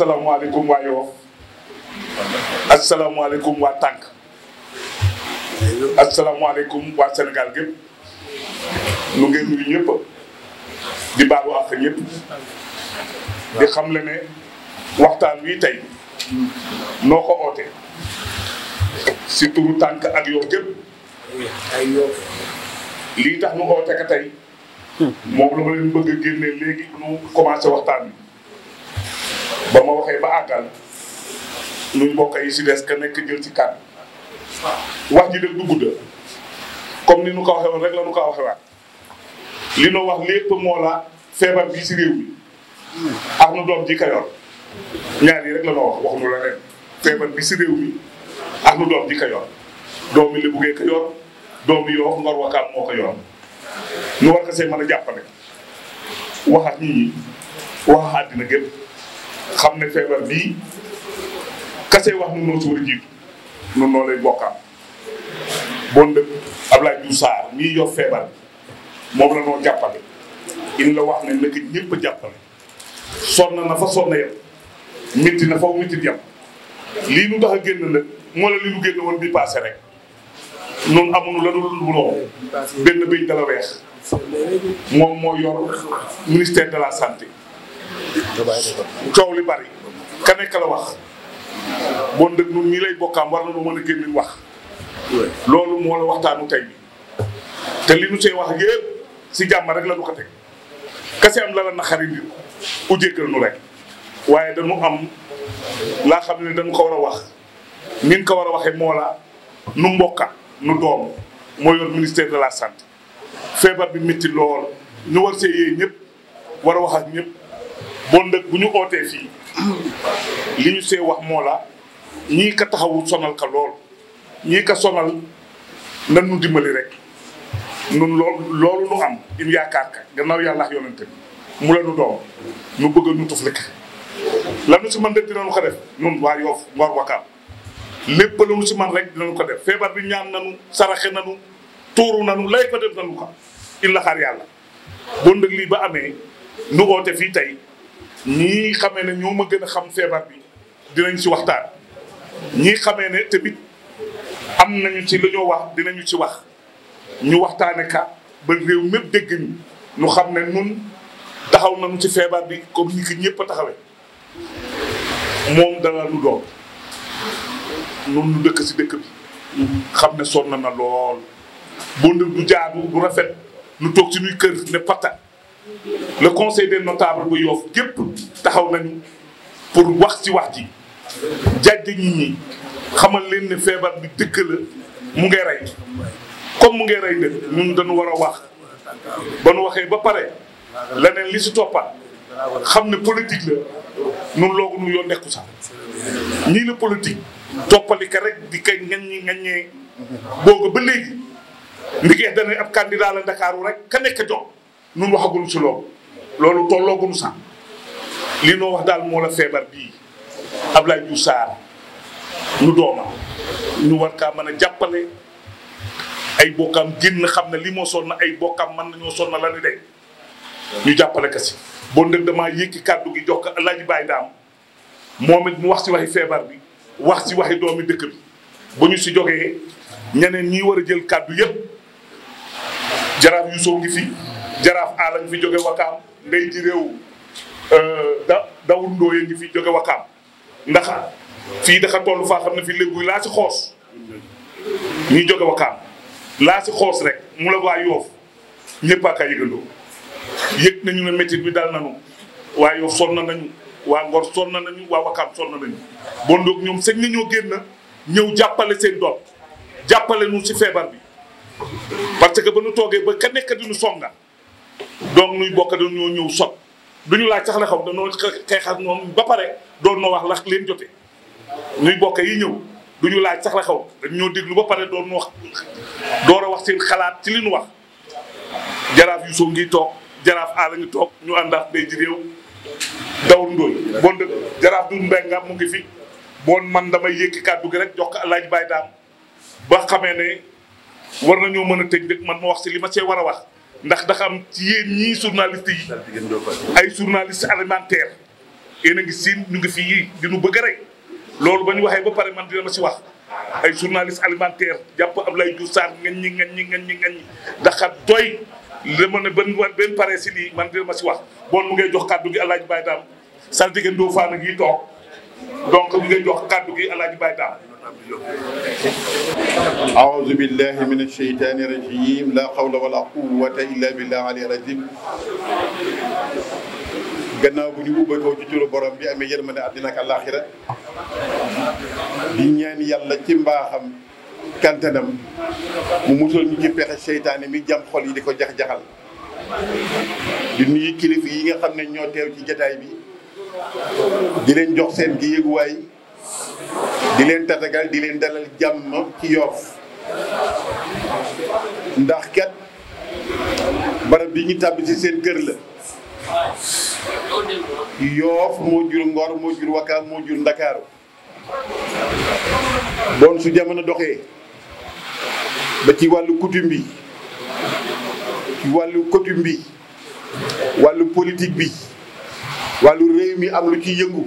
asalaamaaleykum waa Yoff asalaamaaleykum waa Tànk asalaamaaleykum waa Sénégal gépp nu ngeen nuyu ñëpp di baalu àq ñëpp di xam le ne waxtaan wi tey noo ko oote si turu Tànk ak Yoff gépp lii tax nu oote ka tey moom la ma leen bëgg a léegi nu commencé waxtaan ba ma waxee ba àggal nuy mbokk yi si des ka nekk jël ci kàddu wax ji dëgg du gudda comme ni nu ko waxee woon ko waxee waat li nu wax lépp moo la feebar bi si réew mi ak nu doom ji kayoor ñaar yi rek la ma wax bi si réew doom ji kayoor doomi moo ko yor nu war ko see mën a jàppale waxaat nit ñi waxaat àddina gépp xam ne feebar bii kase wax nu noo si war a jiitu nun noo lay bokkaam bon dëkk Abdoulaye Diouf Sarr mii yor feebar bi moom la noo jàppale in la wax ne nekk ñëpp a jàppale sonn na fa sonn yem métti na faw métti yem lii nu tax a génn la moo la li nu génn woon bi passé rek noonu amuñu la dul buloo benn bëñ dala weex moom moo yor ministère de la santé coow li bari ka nekk la wax bon dëgg ñi lay bokkaam war na nu mën a génn wax loolu moo la waxtaanu tey bi te li nu see wax yëpp si jàmm rek la nu ko teg kase am la la naqari mbir u jéggal nu rek waaye dañu am laa xam ne dañu ko war a wax nin ko war a waxee moo la nu mbokka nu doom moo yor ministère de la sant feebar bi métti lool ñu war see yee ñëpp war a wax ak bon ndëkk bu ñu ootee fii li ñu see wax moo la ñii ka taxawul sonal ka lool ñii ka sonal nan nu dimbali rek nun loolu loolu nu am im yaakaar ka gannaaw yàlla ak yonente bi mu la nu doom nu bëgg a ñu tufli ka lanu si man rek dinañu ko def nun man rek dinañu ko def feebar bi ñaan nanu saraxe nanu tuuru nanu lay ko def nanu ko illa xaar yàlla bon ndëkk lii ba amee nu oote fii tey ñii xamee na ñooma gën a xam feebar bi dinañ ci waxtaan ñii xamee ne tamit am nañu ci lu wax dinañu ci wax ñu waxtaane ka ba réew mépp dégg ñu ñu xam ne nun taxaw nañu ci feebar bi comme ni ki ñëpp a taxawee moom dara lu doon dëkk ci dëkk bi xam ne sonn na lool bon du jaadu du rafet nu toog ci ñuy kër ne patta le conseil des notables bu Yoff gépp taxaw nañu pour wax ci wax ji jàjj nit ñi xamal leen ne feebar bi dëkk la mu ngay rey comme mu ngay rey dëkk ñun dañu war a wax ba nu waxee ba pare leneen li si toppaat xam ne politique la ñun loogu nu yoon nekku sax ñii la politique toppali ka rek di kay ngaññi ngaññee booga ba léegi ndigee dana ab candidat la Ndakaaru rek ka nekk jox ñun waxagul si loolu loolu tollooguñu sax li noo wax daal moo la feebar bii Abdoulaye Diouf Sarr ñu doomam ñu war kaa mën a jàppale ay bokkam génn xam ne li moo na ay bokkam mën nañoo na la ni de ñu jàppale ka si bon ndëg damaa yëkki kàddu gi jox ko Alaaji Baay Daam moom it mu wax si waxi feebar bi wax si waxi doomi dëkk bi bu ñu si jógee ñeneen ñi war a jël kàddu yépp jaraaf Yuusoo ngi fi jaraaf aala ngi fi jóge wakaam ndey ji réew euh, da dawul ndooye ngi fi jóge wakaam ndax fii dafa toll faa xam ne fii léegi laa si xoos ñuy jóge wakaam laa si xoos rek mu la waa yoof ñëpp a ka yëgandoo yëg nañu ne métit bi dal nañu waa yoof na nañu waa ngor sonn nañu waa wakaam sonn nañu bon donc ñoom sëñ nañoo génn ñëw jàppale seen doom jàppale nu si feebar bi parce que ba nu toogee ba ka nekk di songa nuy bokk dañoo ñëw sot duñu laaj sax la xaw dañoo xeex ak ñoom ba pare doon noo wax la leen jote nuy bokk yi ñëw duñu laaj sax la xaw dañ ba pare doon wax door a wax seen xalaat ci li ñu wax jaraaf Yuusu ngi toog jaraaf aala toog ñu ànd ak day ji réew dawul ndóoy bon de jaraaf du mbenga mu ngi fi boo man damay yëkki kàddu gi rek jox ko laaj bay daam ba xamee ne war nañoo mën a tëj rek man ma wax si li ma see war a wax ndax dafa am ci yéen ñii journaliste yi ay journaliste alimentaire yéen a ngi siin ñu ngi fii di bëgg a rey loolu ba ñu waxee ba pare man dina ma si wax ay journaliste alimentaire jàpp Ablaye Diouf Sarr ngañ ñi ngañ ñi ngañ ñi ngañ ñi daxa doy ne ban benn pare si lii man dina ma si wax bon mu ngay jox kàddu gi Alaaji Baye Daam Saltigué faa ak yi toog donc mu ngay jox kàddu gi Alaaji Baye Daam أعوذ بالله من الشيطان الرجيم لا حول ولا قوة إلا بالله العلي العظيم gannaaw bu ñu ubbatoo ci turu borom bi amee yërmande àddina ak àllaaxira di ñaan yàlla ci mbaaxam kantanam mu musal ñu ci pexe seytaane mi jam xol yi di ko jax-jaxal di nuyu kilifa yi nga xam ne ñoo teew ci jataay bi di leen jox seen gi yëguwaay di leen tatagal di leen dalal jàmm ci Yoff ndax ket barab bi ñu tàbbi ci seen kër la Yoff moo jur Ngor moo jur Wakaam moo jur Ndakaaru bon su jamono doxee ba ci wàllu coutume bi ci wàllu coutume bi wàllu politique bi wàllu réew mi am lu ci yëngu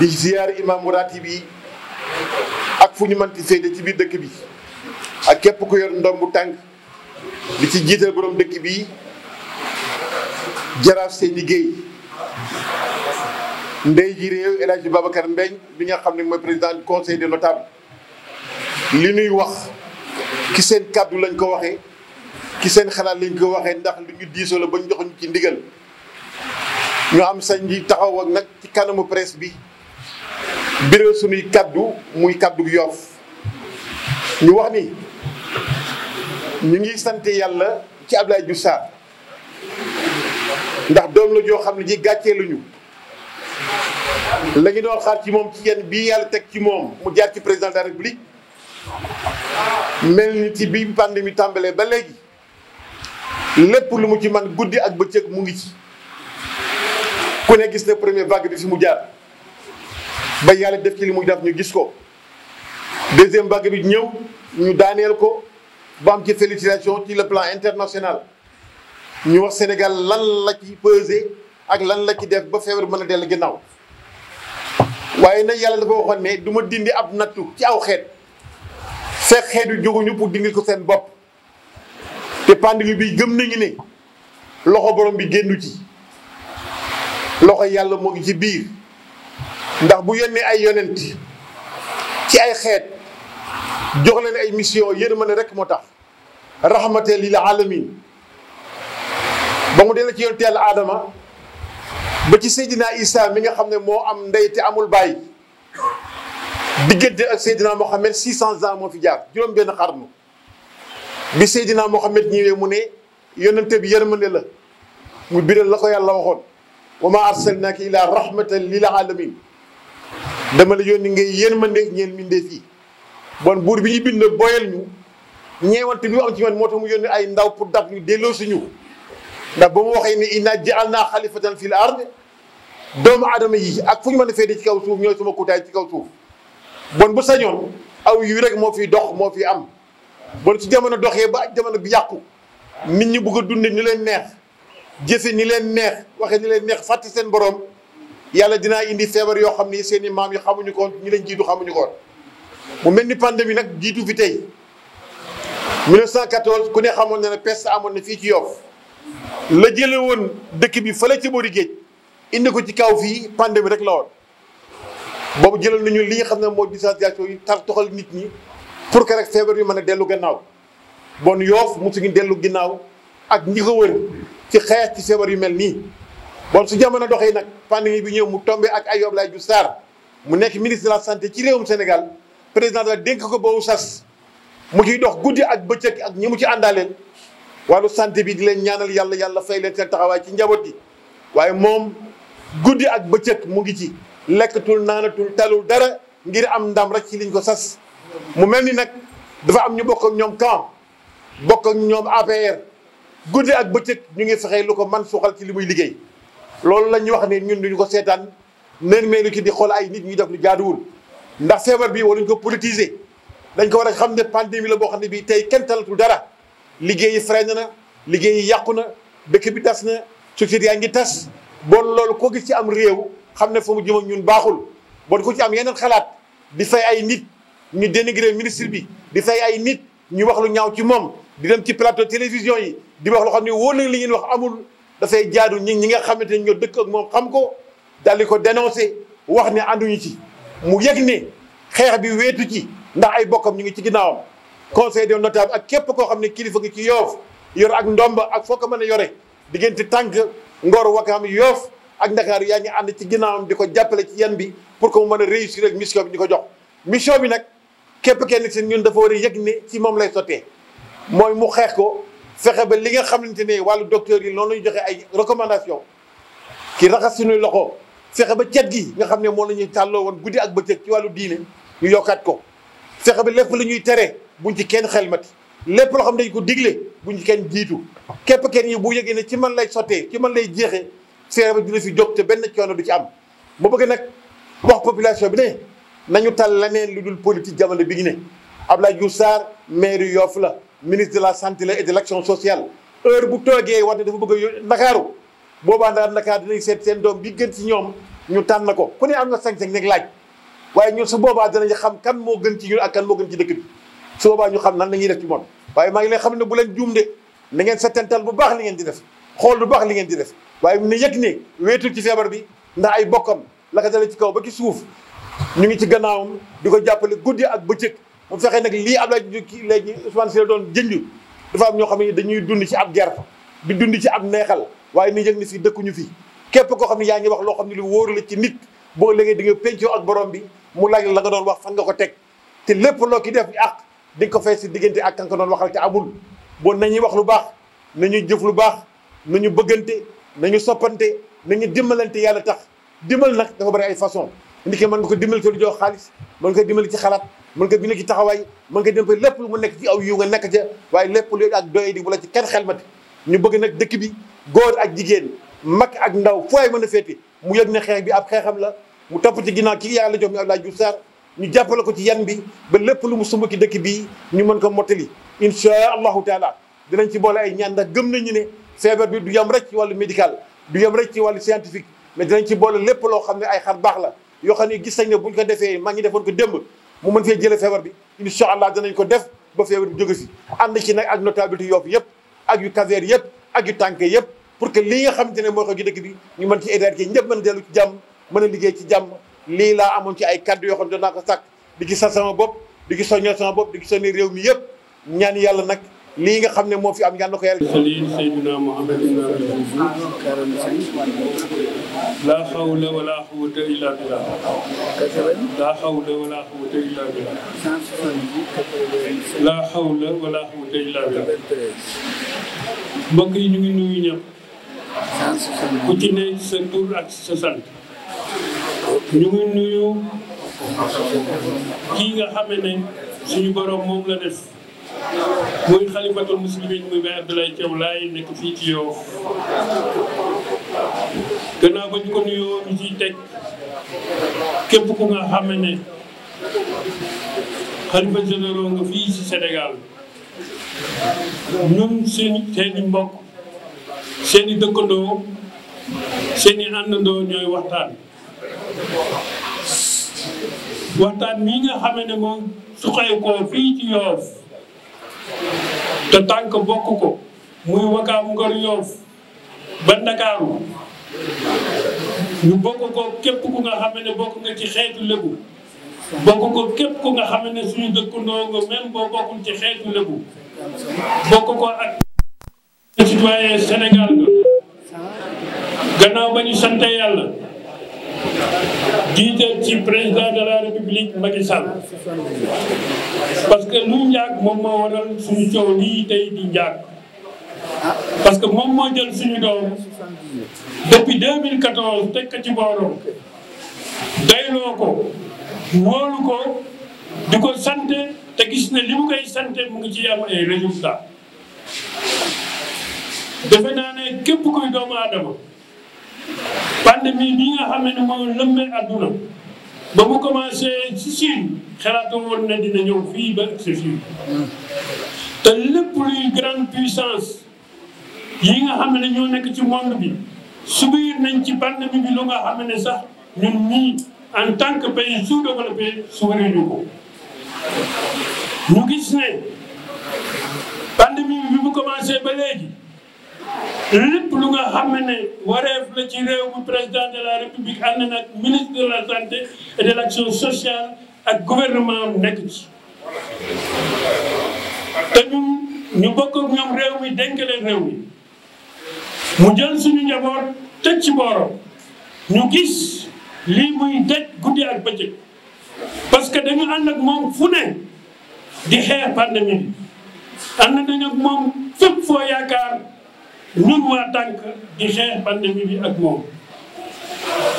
di ziyaar imaamu ratib bi ak fu ñu mënti séede ci biir dëkk bi ak képp ku yor ndombu tànk di ci jiital boroom dëkk bi jaraaf seen liggéey ndey ji réew El Hadj Babacar Mbeñ bi nga xam ne mooy président du conseil des notables li nuy wax ki seen kàddu lañ ko waxee ki seen xalaat lañ ko waxee ndax lu ñu diisoo la ba ñu joxuñ ci ndigal ñu am sañ di taxaw ak nag ci kanamu presse bi biral suñuy kàddu muy kàddu Yoff ñu wax ni ñu ngi sant yàlla ci Abdoulaye Diouf Sarr ndax doom la joo xam ne ji gàccee luñu la ñu doon xaar ci moom ci yenn bii yàlla teg ci moom mu jaar ci président de la république mel ni ci bi pandémie tàmbalee ba léegi lépp lu mu ci man guddi ak bëccëg mu ngi ci ku ne gis ne première vague bi fi mu jaar ba yàlla def ci li muy def ñu gis ko deuxième vague bi ñëw ñu daaneel ko ba am ci félicitation ci le plan international ñu wax Sénégal lan la ci pesé ak lan la ci def ba feebar mën a dell ginnaaw waaye nag yàlla dafa waxoon ne du dindi ab nattu ci aw xeet fekk xeet yu jóguñu pour dindi ko seen bopp te pandémie bi gëm ngi ne loxo borom bi génnu ci loxo yàlla moo ngi ci biir ndax bu yónnee ay yonent ci ay xeet jox leen ay mission yërmande rek moo tax rahmatan lil alamin ba mu delloo ci yonent yàlla aadama ba ci Seydina Isa mi nga xam ne moo am ndey te amul bàyyi diggante ak Seydina Mohamed 600 ans moo fi jaar juróom-benn xarnu bi Seydina Mohamed ñëwee mu ne yonente bi yërmande la mu biral la ko yàlla waxoon wa ma arsalnaaka illa rahmatan lil alamin dama la yónni ngay yërmandeeg ñeel mbindeef yi bon buur bi ñu bind boyal ñu ñeewante bi mu am ci man moo tax mu ni ay ndaw pour dab ñu delloo si ñu ndax ba mu waxee ne inna jaal naa xalifatan fil ard doomu yi ak fu ñu mën a féete ci kaw suuf ñooy suma kutaay ci kaw suuf bon bu sañoon aw yu rek moo fi dox moo fi am bon su jamono doxee ba jamono bi yàqu nit ñi bëgg a dunde ni leen neex jëfe ni leen neex waxe ni leen neex fàtte seen boroom yàlla dinaa indi feebar yoo xam ni seeni maam yi xamuñu ko ñu leen jiitu xamuñu ko mu mel ni pandémie nag jiitu fi tey 1914 ku ne xamoon na ne peste amoon na fii ci Yoff la jële woon dëkk bi fa ci boori géej indi ko ci kaw fii pandémie rek la woon boobu nañu li nga xam ne moo distanciation yi tar toxal nit ñi pour que rek feebar yu mën a dellu gannaaw bon Yoff mosu ngi dellu ginnaaw ak ñi ko wër ci xeex ci feebar yu mel nii bon su jamono yi nag pandémie bi ñëw mu tombé ak ay Laye Diouf Sarr mu nekk ministre la santé ci réewum Sénégal président la dénk ko boobu sas mu ciy dox guddi ak bëccëg ak ñi ci àndaaleen wàllu santé bi di leen ñaanal yàlla yàlla fay leen seen taxawaay ci njaboot gi waaye moom guddi ak bëccëg mu ngi ci lekkatul naanatul talul dara ngir am ndam rek ci liñ ko sas mu mel ni nag dafa am ñu bokk ak ñoom kaam bokk ak ñoom APR guddi ak bëccëg ñu ngi fexe lu ko man suuxal ci li muy liggéey loolu la ñuy wax ne ñun duñu ko seetaan neen meenu ci di xool ay nit ñu def lu jaaduwul ndax feebar bi waruñ ko politiser dañ ko war a xam ne pandémie la boo xam ne bii tey kenn talatul dara liggéey yi freiné na liggéey yi yàqu na dëkk bi tas na société yaa ngi tas bon loolu koo gis ci am réew xam ne foofu mu jëm ñun baaxul bon ko ci am yeneen xalaat di fay ay nit ñu dénigré ministre bi di fay ay nit ñu wax lu ñaaw ci moom di dem ci plateau télévision yi di wax loo xam ne wóor na li ngeen wax amul dafay jaadu ñi ñi nga xamante ne ñoo dëkk ak moom xam ko dal di ko dénoncé wax ne ànduñu ci mu yëg ne xeex bi weetu ci ndax ay bokkam ñu ngi ci ginnaawam conseil des notables ak képp koo xam ne kilifa ngi ci yoof yor ak ndomba ak foo ko mën a yore diggante tànk ngor wakaam yoof ak ndakaaru yaa ngi ànd ci ginnaawam di ko jàppale ci yan bi pour que mu mën a réussir ak mission bi ñu ko jox mission bi nag képp kenn seen ñun dafa war a yëg ne ci moom lay sotee mooy mu xeex ko fexe ba li nga xamante ne wàllu docteur yi loolu la ñu joxe ay recommandation ki raxas suñuy loxo fexe ba cet gi nga xam ne moom la ñuy tàlloo woon guddi ak bëccëg ci wàllu diine ñu yokkaat ko fexe ba lépp lu ñuy tere buñ ci kenn xelmati lépp loo xam ne dañ ko digle buñ ci kenn jiitu képp kenn yi bu yëgee ne ci man lay sottee ci man lay jeexee fexe ba dina fi jóg te benn coono du ci am bu bëgg nag wax population bi ne nañu tal leneen lu dul politique jamono bi ñu ne Abdoulaye Diouf Sarr maire Yoff la ministre de la santé la et de action sociale heure bu toogee wax ne dafa bëgg a Ndakaaru boobaa daal Ndakaar dinañ seet seen doom bi gën ci ñoom ñu tànn ko ku ne am na sañ-sañ nag laaj waaye ñun su boobaa danañ xam kan moo gën ci ñun ak kan moo gën ci dëkk bi su boobaa ñu xam nan la ñuy def ci moom waaye maa ngi leen xam ne bu leen juum de na ngeen settantal bu baax li ngeen di def xool lu baax li ngeen di def waaye ne yëg ne wéetul ci feebar bi ndax ay bokkam la ko ci kaw ba ci suuf ñu ngi ci gannaawam di ko jàppale guddi ak bëccëg mu fexe nag lii Abdoulaye léegi Ousmane si la doon jënj dafa am ñoo xam ne dañuy dund ci ab gerte di dund ci ab neexal waaye ni yëg ni fii dëkkuñu fii képp koo xam ne yaa ngi wax loo xam ne lu wóor la ci nit boo léegi di nga pencoo ak borom bi mu laaj la nga doon wax fa nga ko teg te lépp loo ki def ak di ko fay si diggante ak kan doon waxal te amul bon nañuy wax lu baax nañuy jëf lu baax nañu bëggante nañu soppante nañu dimbalante yàlla tax dimbal nag dafa bari ay façon nit ki mën nga ko dimbali ci lu jox xaalis mën nga ko dimbali ci xalaat mën nga bind ki taxawaay mën nga dem ba lépp lu mu nekk ci aw yiw nga nekk ca waaye lépp lu ak doy di wala ci kenn xelmati ñu bëgg nag dëkk bi góor ak jigéen mag ak ndaw fooy mën a féete mu yëg ne xeex bi ab xeexam la mu topp ci ginnaaw ci yàlla jox mi Abdoulaye Diouf Sarr ñu jàppale ko ci yan bi ba lépp lu mu sumb ci dëkk bii ñu mën ko mottali inchaa allahu taala dinañ ci boole ay ñaan ndax gëm nañu ne feebar bi du yem rek ci wàllu médical du yem rek ci wàllu scientifique mais dinañ ci boole lépp loo xam ne ay xar baax la yoo xam ne gis nañ ne buñ ko defee maa ngi defoon ko démb mu mën fee jëlee feebar bi incha allah danañ ko def ba feebar bi jóge fi ànd ci nag ak notabilité yoofu yëpp ak yu caser yëpp ak yu tànk yëpp pour que lii nga xamante ne moo ko ci dëkk bi ñu mën ci éradiquer ñëpp mën a dellu ci jàmm mën a liggéey ci jàmm lii laa amoon ci ay kaddu yoo xam ne doon naa ko sàkk di gis sama bopp di gis soññoo sama bopp di gis soññoo réew mi yëpp ñaan yàlla nag lii nga xam ne moo fi am ñaan na ko yàlla. sali Seydina Mohamed laa hawla wala quwwata illa billah laa hawla wala quwwata illa billah laa hawla yi ñu ngi nuyu ñëpp ku ci ne sa tur ak sa ñu ngi nuyu kii nga xame ne suñu borom moom la def muy xalifatul muslimin muy Baye Abdoulaye Thiaw Laye nekk fii ci yow gannaaw ba ko nuyoo ñu ciy teg képp ku nga xam ne ci Sénégal ñun seen seen i mbokk seen i dëkkandoo seen i àndandoo ñooy waxtaan waxtaan mii nga xam ne moom suqee ko fii ci Yoff te tànk bokk ko muy Wakaam Ngor Yoff ba Ndakaaru ñu bokk ko képp ku nga xam bokk nga ci xeetu lébu bokk ko képp ku nga xam ne suñu dëkkandoo nga même boo bokkul ci xeetu lébu bokk ko ak citoyen Sénégal nga gannaaw ba ñu sante yàlla jiite ci président de la république Macky parce que lu njaag moom moo waral suñu coow lii tey di njaag Ah. parce que moom moo jël suñu doom depuis 2014 teg ko ci boorom dayloo ko moolu ko di ko sante te gis ne li mu koy sante mu ngi ci am ay résultat defe naa ne képp kuy doomu aadama pandémie bi nga xam ne moo lëmbee adduna ba mu commencé ci Chine xalaatu woon na dina ñëw fii ba ëgg fii hmm. te lépp luy grande puissance yi nga xam ne ñoo nekk ci monde bi subir nañ ci pandémie bi lu nga xam sax ñun ñii en tant que pays sous-développé subir ñu ko. ñu gis ne pandémie bi bi mu commencé ba léegi lépp lu nga xam ne wareef la ci réew mi président de la république ànd na ak ministre de la santé et de l'action sociale ak gouvernement nekk ci. te ñun ñu bokk ak ñoom réew mi dénk leen réew mu jël suñu njaboot tëj ci booro ñu gis lii muy daj guddi ak bëccëg parce que dañu ànd ak moom fu ne di xeex pandémie bi ànd nañu ak moom fépp foo yaakaar ñun waa tànk di xeex pandémie bi ak moom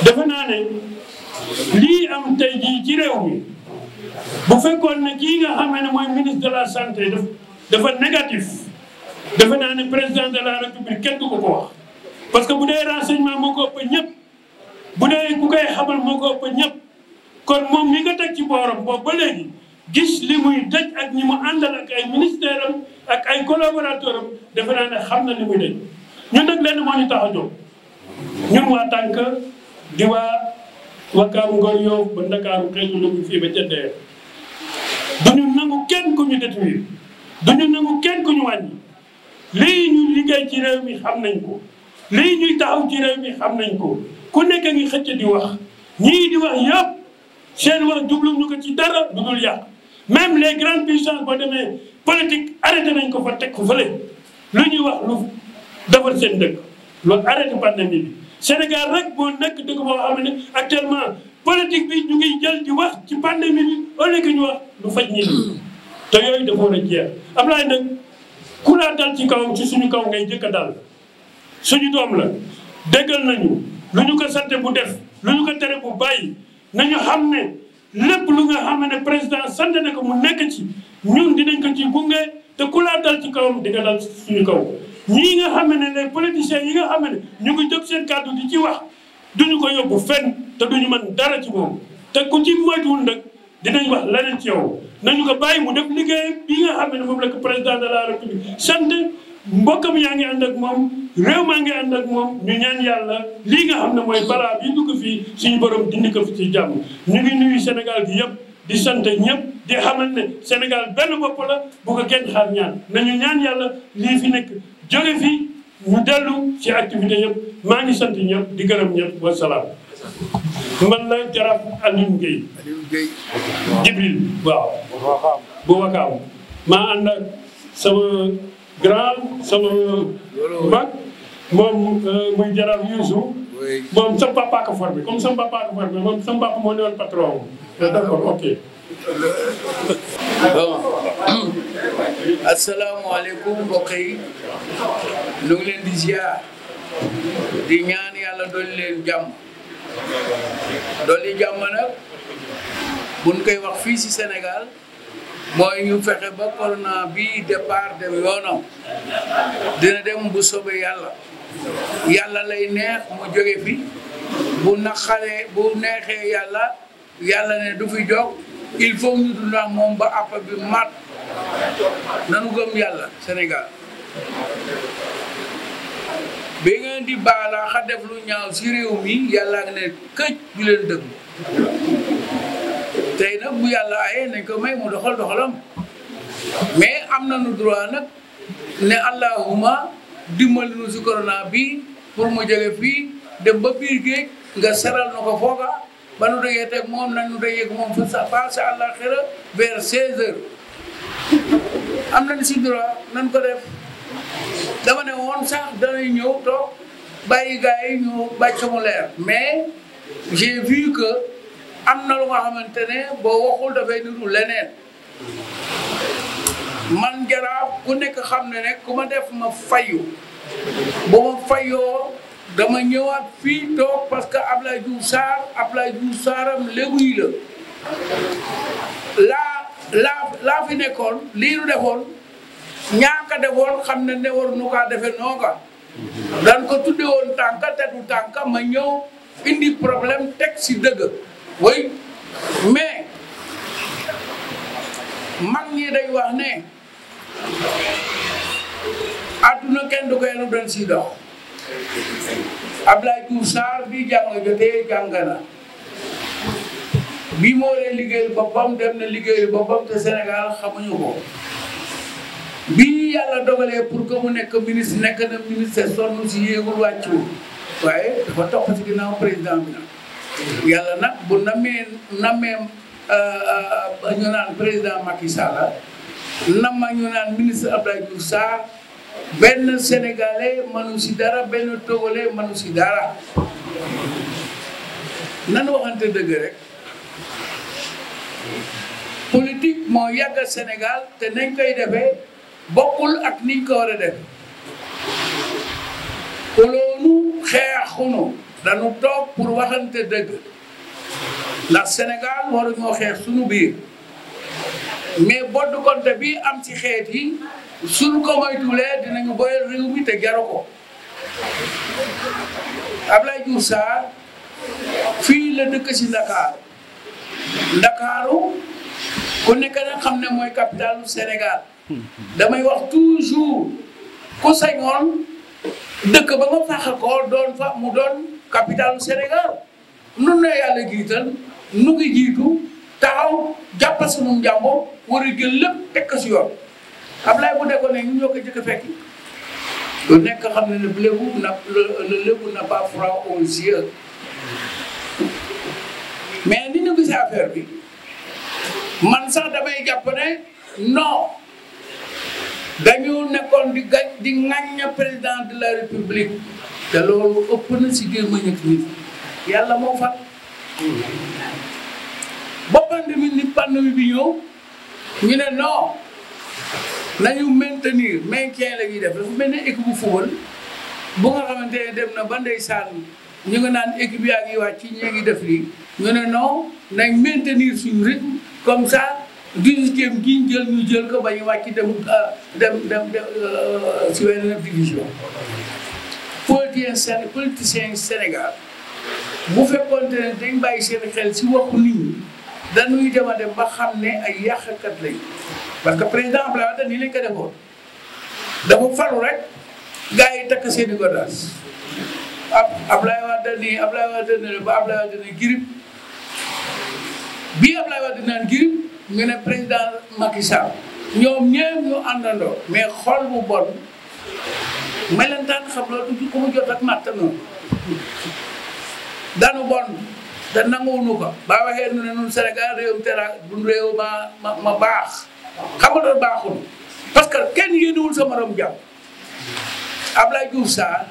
defe naa ne lii am tey jii ci réew mi bu fekkoon ne kii nga xam ne mooy ministre de la santé dafa négatif defe naa ne président de la république kenn du ko ko wax parce que bu dee renseignement moo ko ëpp ñëpp bu dee ku koy xamal moo ko ëpp ñëpp kon moom mi nga teg ci booram boobu ba léegi gis li muy daj ak ñi mu àndal ak ay ministère am ak ay collaborateur am defe naa ne xam na li muy daj ñun nag leen moo ñu tax a jóg ñun waa tànk di waa Wakaam Ngor Yoff ba Ndakaaru xeetu lu fii ba jëndee du ñu nangu kenn ku ñu détruire du ñu nangu kenn ku ñu wàññi lii ñu liggéey ci réew mi xam nañ ko lii ñuy taxaw ci réew mi xam nañ ko ku nekk ngi xëcc di wax ñii di wax yëpp seen wax jubluñu ko ci dara du dul yàq même les grandes puissances boo demee politique arrêté nañ ko fa teg ko fële lu ñuy wax lu defar seen dëkk lu arrêté pandémie bi Sénégal rek boo nekk dëkk boo xam ne actuellement politique bi ñu ngi jël di wax ci pandémie bi au lieu que ñu wax lu faj ñi te yooyu dafa war a jeex Ablaye nag ku laa dal ci kawam ci suñu kaw ngay jëkk a dal suñu doom la déggal nañu lu ko sante bu def lu ñu ko tere bu bàyyi nañu xam ne lépp lu nga xam ne président sant na ko mu nekk ci ñun dinañ ko ci gunge te ku laa dal ci kawam di nga dal suñu kaw ñii nga xam ne les politiciens yi nga xam ne ñu nga jóg seen kàddu di ci wax duñu ko yóbbu fen te duñu mën dara ci moom te ku ci moytuwul nag dinañ wax leneen ci yow nañu ko bàyyi mu def liggéey bi moom la ko président de la république sant mbokkam yaa ngi moom réew maa ngi ànd moom ñu ñaan yàlla lii nga xam ne mooy balaa bi dugg fii suñu borom dindi ko fi ci jàmm ñu ngi nuyu Sénégal bi yëpp di sant ñëpp di xamal ne Sénégal benn bopp la bu ko kenn xaar ñaan nañu ñaan yàlla lii fi nekk jóge fi ñu dellu ci activité yëpp maa ngi sant ñëpp di gërëm ñëpp wasalaam man naa jaraaf Alioune Guèye. Alioune Guèye. Jibril waaw. bu maa ànd ak sama grand sama mag moom euh, jaraaf Youssou. moom sama papa a ko sama papa a ko sama papa moo patron ah, ok. bon asalaamaaleykum mbokk yi ñu ngi leen di ziar yàlla dolli jàmm nag buñ koy wax fii ci Sénégal mooy ñu fexe ba corona bi départ dem yoonam dina dem bu soobee yàlla yàlla lay neex mu jóge fi bu naqaree bu neexee yàlla yàlla ne du fi jóg il faut ñu dund moom ba àpp bi mat nanu gëm yàlla Sénégal ba ngeen di baalaa xa def lu ñaaw si réew mi yàlla nga ne këj bu leen dëgg tey nag mu yàlla ayee nañ ko may mu doxal doxalam mais am nañu droit nag ne allahuma dimbali nu si corona bi pour mu jóge fii dem ba biir géej nga seral na ko fooga ba nu dajee teg moom nañ nu dajee moom fa sa passé àllaaxira vers 16 heures am nañ si droit nañ ko def dama ne woon sax danay ñëw toog bàyyi gars yi ñu bàcc mu mais j'ai vu que am na lu nga xamante ne boo waxul dafay leneen man jaraaf ku nekk xam ne ne ku ma def ma fayu bu ma fayoo dama ñëwaat fi toog parce que Ablaye Diouf Sarr Ablaye Diouf Sarram lébu la laa laa fi nekkoon lii nu defoon ñaaka defoon xam ne ne war nu kaa defe nooga dan ko tudde woon tànka te du tànka ma ñëw indi problème teg si dëgg way mais mag ñi day wax ne adduna kenn du koy lu doon si dox Ablaye Diouf Sarr bi jàng jotee jàng na bi moo liggéey liggéeyal boppam dem na liggéeyal boppam te Sénégal xamuñu ko bii yàlla dogalee pour que mu nekk ministre nekk na ministre sonn si yéegul wàccuwul waaye dafa topp si ginnaaw président bi nag yàlla nag bu namee namee euh, euh, ñu naan président Macky Sall nama ñu naan ministre Abdoulaye Diouf Sarr benn sénégalais manu si dara benn togolais manu si dara nan waxante dëgg rek politique moo yàgg Sénégal te nañ koy defee bokkul ak niñ ko war a def xuloonu xeexunu dañu toog pour waxante dëgg ndax Sénégal waruñoo xeex sunu biir mais bodd konte bi am ci xeet yi suñ ko moytuwulee dinañu boyal réew mi te jaru ko Ablaye Diouf Sarr fii la dëkk ci Dakar Ndakaaru ku nekk na xam ne mooy capitalu Sénégal damay wax toujours ku sañoon dëkk ba nga faxa ko doon fa mu doon capitalu Sénégal nun ne yàlla jiital nu ngi jiitu taxaw jàppa sunu njàmbur war a jël lépp teg ko si yoon Ablaye bu nekkoon ne ñu ñoo ko jëkk fekki lu nekk xam ne ne lébu na le lébu n'a pas mais ni ñu gisee affaire bi man sax damay jàpp ne dañu nekkoon di gaj di ŋàñña président de la république te loolu ëpp na si gémmañ ak nit yàlla moo fat ba pandémie ni pandémie bi ñëw ñu ne noo nañu maintenir maintien la ñuy def dafa mel ne équipe bu football bu nga xamante ne dem na ba ndeysaan ñu ngi naan équipe yaa ngi wàcc ñee ngi def lii ñu ne non nañ maintenir suñu rythme comme ça dixième gi ñu jël ñu jël ko ba ñu wàcc euh, dem dem dem si euh, weneen division politicien politicien Sénégal bu fekkoon ne dañ bàyyi seen xel si waxu nit ñi dañuy dem a dem ba xam ne ay yàqkat lañ parce que président Abdoulaye Wade nii lañ ko defoon dafa faru rek gars yi takk seeni i godaas ab Abdoulaye Wade nii Abdoulaye Wade nii ba Abdoulaye Wade nii girib bii Abdoulaye ñu président Macky Sall ñoom ñëpp ñu àndandoo mais xol bu bon melentaan xam loolu du ko mu jot ak matt noonu danu bon te ko ba nu ne nun Sénégal réew tera du réew ma baax xam nga parce que kenn yéenewul sa morom jàmm Abdoulaye Diouf Sarr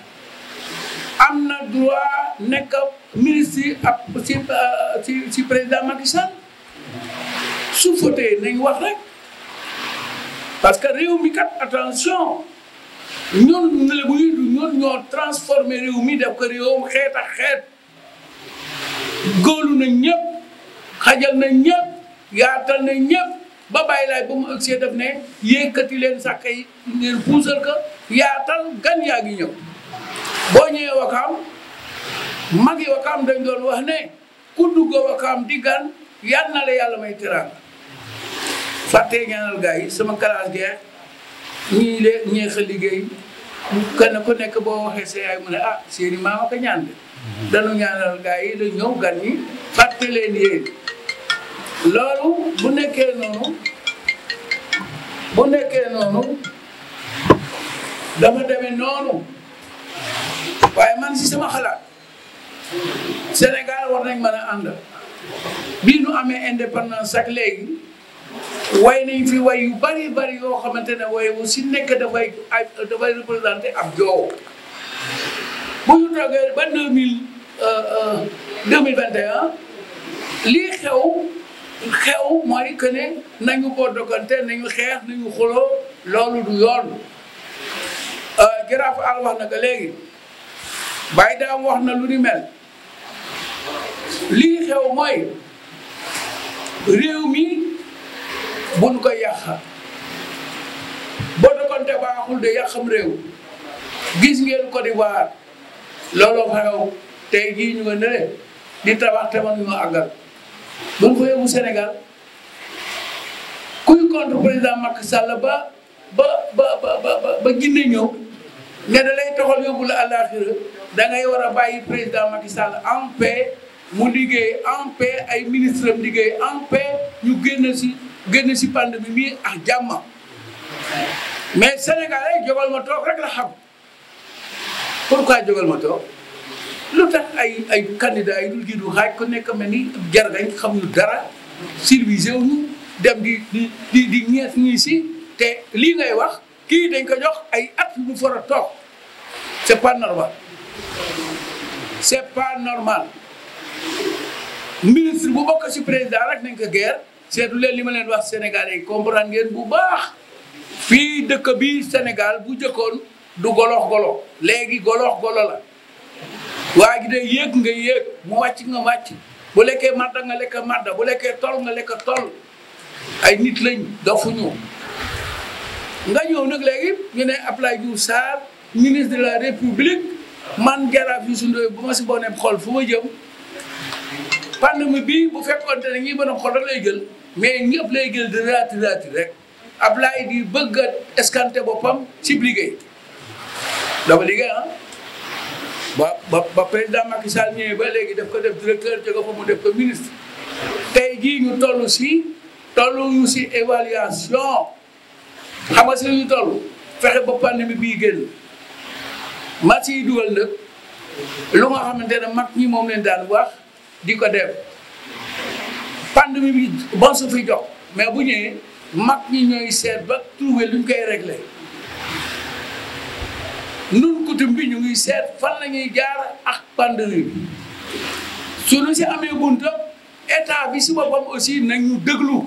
am na droit nekk ministre yi ak ci euh, président Macky su footee nañ wax rek parce que réew mi kat attention ñun lébu yi du ñun ñoo transformé réew mi def ko réewam xeeta xeet góolu na ñëpp xajal na ñëpp yaatal na ñëpp ba bàyyi laay ba mu ëgsee def ne yëkkati leen sàkka yi ngeen puusal ko yaatal gan yaa ngi ñëw boo ñëwee wakaam mag wakaam dañ doon wax ne ku dugg wakaam di gan yal na la yàlla may teraanga fàttee ñaanal gars yi sama classe ah. ñii de ñeex a liggéey kenn ku nekk boo waxee sa yaay mu ne ah seeni maama ko ñaan de danu ñaanal gars yi da ñëw gan ñi fàtte leen yéen loolu bu nekkee noonu bu nekkee noonu dama deme noonu waaye man si sama xalaat Sénégal war nañ mën a ànd bi nu amee indépendance ak léegi way nañ fi way yu bari bari yoo xamante ne way si nekk dafay ay dafay représenté ab joow bu ñu toogee ba deux mille euh, euh, deux mille vingt et lii xew xew mooy que nañu ko doggante nañu xeex nañu xuloo loolu du yoon euh, Jaraaf Al wax na ko léegi Baye Daam wax na lu ni mel lii xew mooy réew mi buñ ko yàq boo dokonte baaxul de yàqam réew gis ngeen Côte d'Ivoire looloo fa tey jii ñu nga nële di tabax te mënuñoo àggal buñ ko yóbbu Sénégal kuy contre président Macky Sall ba ba ba ba ba ginne ñëw ne da lay toxal yóbbu la àllaaxira da ngay war a bàyyi président Macky Sall en paix mu liggéey en paix ay ministre am liggéey en paix ñu génn si génn si pandémie mi ak jàmm mais Sénégal ay jógal ma toog rek la xam pourquoi jógal ma toog lu tax ay ay candidat yi dul gidu ku nekk mel ni jargañ xam ñu dara service wu ñu dem di di ñees ñii si te lii ngay wax kii dañ ko jox ay at mu for a toog c'est pas normal c'est pas normal ministre bu bokk si président rek nañ ko guerre seetu leen li ma leen wax sénégalais yi comprendre ngeen bu baax fii dëkk bi Sénégal bu jëkkoon du golox golo léegi golox golo la waa gi day yéeg nga yéeg mu wàcc nga wàcc bu lekkee madda nga lekk madda bu lekkee tol nga lekk tol ay nit lañ dofuñu nga ñëw nag léegi ñu ne Abdoulaye Diouf Sarr ministre de la république man jaraaf Youssou Ndoye bu ma si bonee xool fu ma jëm pandémie bi bu fekkoonte ne ñi mën a xool lay jël mais ñëpp lay gën di raati raati rek Ablaye di bëgg a boppam ci liggéey dafa liggéey ah. ba ba ba président Macky Sall ñëwee ba léegi def ko def directeur jóge fa mu def ko ministre te jii ñu tollu si tolluñu si évaluation xam nga si ñu toll fexe ba pandémie bii génn match yi dugal nag lu nga xamante ne mag ñi moom leen daan wax di ko def. pandémie bi bon su fi jox mais bu ñëwee mag ñi ñooy seet ba trouver luñ koy réglé nu coutume bi ñu ngi seet fan lañuy jaar ak pandémie bi suñu si amee bunta état bi si boppam aussi ñu déglu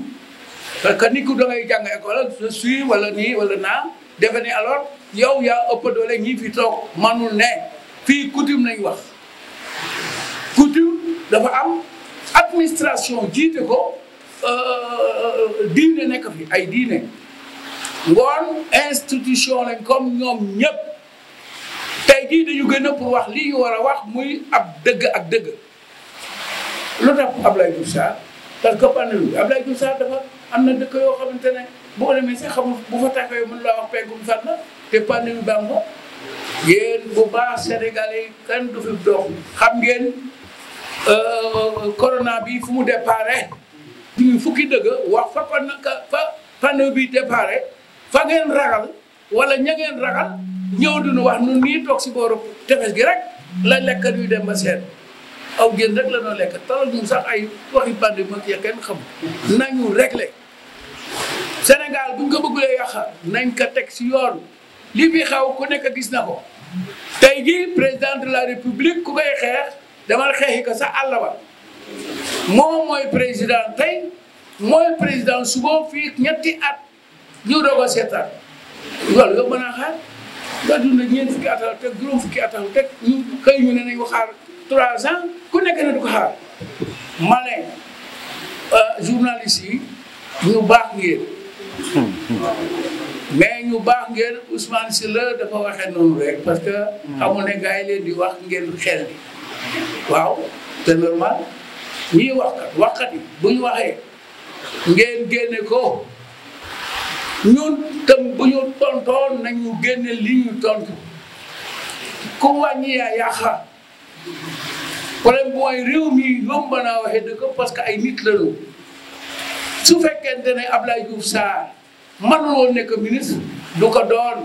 parce que nit ku dangay jàng école je suis wala nii wala naa defe ni alors yow yaa ëpp doole ñi fi toog manul ne fii coutume nañ wax coutume dafa am administration jiite ko euh, euh, diine nekk fi ay diine ngoon institution lañ comme ñoom ñëpp tey jii dañu gën a pour wax lii war a wax muy ab dëgg ak dëgg lu tax Abdoulaye Diouf Sarr parce que panelu Abdoulaye Diouf Sarr dafa am na dëkk yoo xamante ne boo demee sax xamul bu fa tàkkee mën laa wax penkum fànn te panelu baa nga yéen bu baax Sénégal yi du fi dox xam ngeen Euh, corona bi fu mu déparé du fukki dëgg wax fa ko naka fa panneau bi déparé fa ngeen ragal wala ña ngeen ragal ñëw duñu wax nun nii toog si booru tefes gi rek la lekk duy dem ba seet aw jën rek la noo lekk talal ñu sax ay waxi bandi mag ya kenn xam nañu réglé Sénégal buñ ko bëggulee yàq nañ ko teg si yoon li fi xaw ku nekk gis na ko tey jii président de la république ku koy xeex demal xeexi ko sa àll ba moom mooy président tey mooy président suba fii ñetti at ñu doog a seetaan loolu yow mën a xaar nga dund ñeent fukki atal teg juróom fukki atal teg ñu xëy ñu ne nañu xaar trois ans ku nekk na du ko xaar ma ne euh, journaliste yi ñu baax ngeen mais ñu baax ngeen Ousmane Sylla dafa waxee noonu rek parce que hmm. xamul ne gars yi leen di wax ngeen xel waaw te normal ñii waxkat waxkat yi bu ñu waxee ngeen génne ko ñun tam bu tontoon nañu génne li ñu tontu ku wàññi yaa yàqa problème mooy réew mi yomb naa waxee dëgg parce que ay nit lañu su fekkente ne Abdoulaye Diouf Sarr mënul woon nekk ministre du ko doon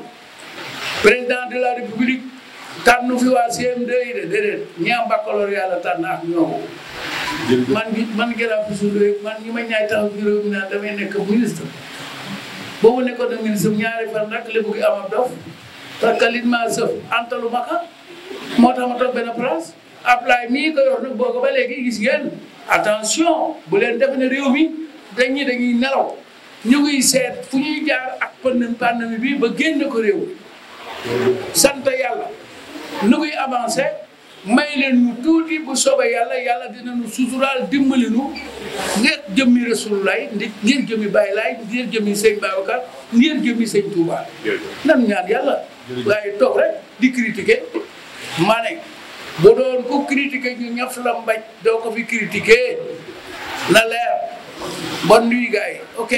président de la république tànnu fi waa cm yi de déedéet ñi am baccalauréat la tànn ak ñoo man gi man Géra Poussou man ñi ma ñaay taxaw ci réew mi naan damay nekk ministre. boobu nekkoon na ministre ñaari fan nag lépp gi am a dof parce ma sëf antalu moo tax ma toog benn place Ablaye mii ko nag boo ko ba léegi gis ngeen attention bu leen def ne réew mi dañuy dañuy nelaw ñu ngi seet fu ñuy jaar ak pandémie bi ba génn ko réew sant yàlla. nu koy avancé may leen ñu tuuti bu soobee yàlla yàlla dinañu suturaal dimbali nu ngir jëmmi Rasulullaay ngir jëmmi bàyyi Laay ngir jëmmi sëñ Babacar ngir jëmmi sëñ Touba. nan ñaan yàlla. waaye toog rek di critiquer maa ne bu doon ko critiquer ñu ñaf la doo ko fi critiquer na leer bonne nuit gars ok.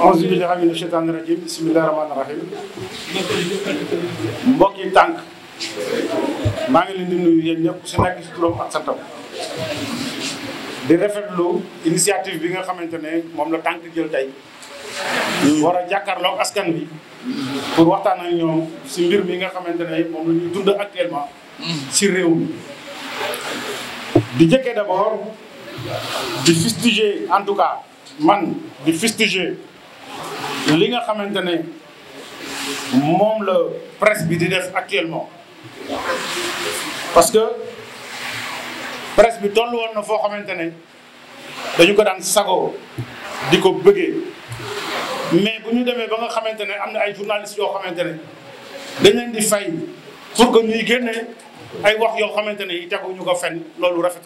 auzu billaahi mina sheytaani rajiim bismillaahi rahmaani rahiim mbokk yi tànk maa ngi leen di nuyu yéen ñëpp ku si nekk si turam ak santam di rafetlu initiative bi nga xamante ne moom la tànk jël tey ñu war a jàkkaarloog askan bi pour waxtaan ak ñoom si mbir mi nga xamante ne moom la ñuy dund actuellement si réew mi di jëkkee d'abord di fustiger en tout cas man di fustiger li nga xamante ne moom la presse bi di def actuellement parce que presse bi toll woon na foo xamante ne dañu ko daan sagoo di ko bëggee mais bu ñu demee ba nga xamante ne am na ay journalistes yoo xamante ne dañ leen di fay pour que ñuy génne ay wax yoo xamante ne yi teguñu ko fenn loolu rafet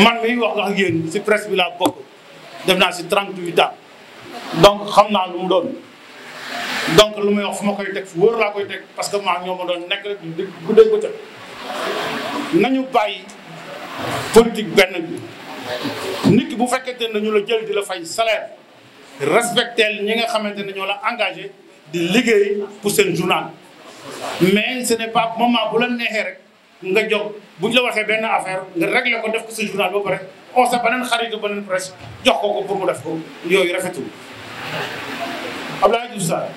man miy wax wax ak yéen si presse bi laa bokk. dem naa si 38 ans donc xam naa lu mu doon donc lu may wax fu ma koy teg fu wóor laa koy teg parce que maa ñoo ma doon nekk rek di guddee bëccëg nañu bàyyi politique benn bi nit ki bu fekkente ne dañu la jël di la fay salaire respecteel ñi nga xamante ne ñoo la engagé di liggéey pour seen journal mais ce n'est pas moment bu la neexee rek nga jóg bu ñu la waxee benn affaire nga réglé ko def ko sa journal ba pare oo sa beneen xaritu beneen presse jox ko ko pour mu def ko yooyu rafetul Abdoulaye Diouf Sarr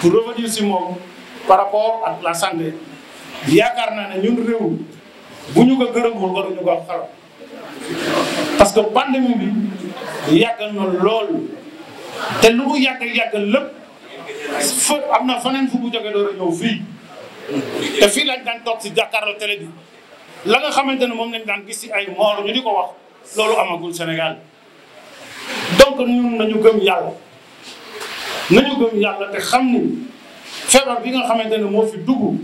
pour revenir si moom par rapport ak la santé yaakaar naa ne ñun réew bu ñu ko gërëmul waruñu ko xarab parce que pandémie bi yàggal na lool te lu mu yàggal yàggal lépp fa am na faneen fu mu jógee door a ñëw fii te fi lañ daan toog si jàkkaarloo télé bi la nga xamante ne moom lañ daan gis si ay moor ñu di ko wax loolu amagul Sénégal donc ñun nañu gëm yàlla nañu gëm yàlla te xam ni feebar bi nga xamante ne moo fi dugg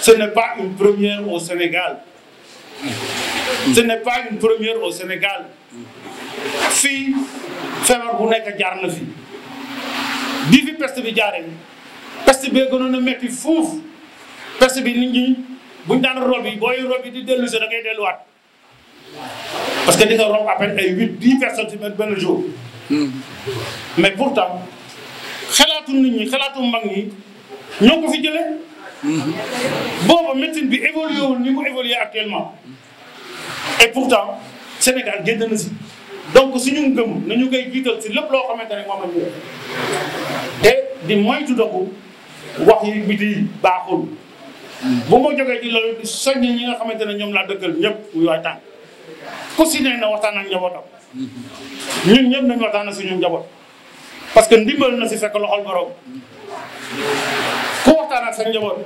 ce n'est pas une première au Sénégal ce n'est pas première au Sénégal fii feebar bu nekk jaar na fi bii fi peste bi jaaree peste bee gënoon a métti fuuf peste bi nit ñi buñ daan rob yi booy rob yi di dellu si da ngay delluwaat parce que ni nga romb à peine ay huit dix personnes benn jour. mais pourtant xalaatu nit ñi xalaatu mag ñi ñoo ko fi jële booba médecine bi évolué wul ni mu évolué actuellement. et pourtant Sénégal génn na si. donc suñu ngëm nañu koy jiital si lépp loo xamante ne moom la ñu def te di moytu dogu wax ci loolu di soññ nga xamante ne ñoom laa dëkkal ñëpp muy waay tànk. ku si ne na waxtaan ak njabootam ñun ñëpp nañu waxtaan ak suñu njaboot parce que ndimbal na si fekk loxol borom ku waxtaan sa njaboot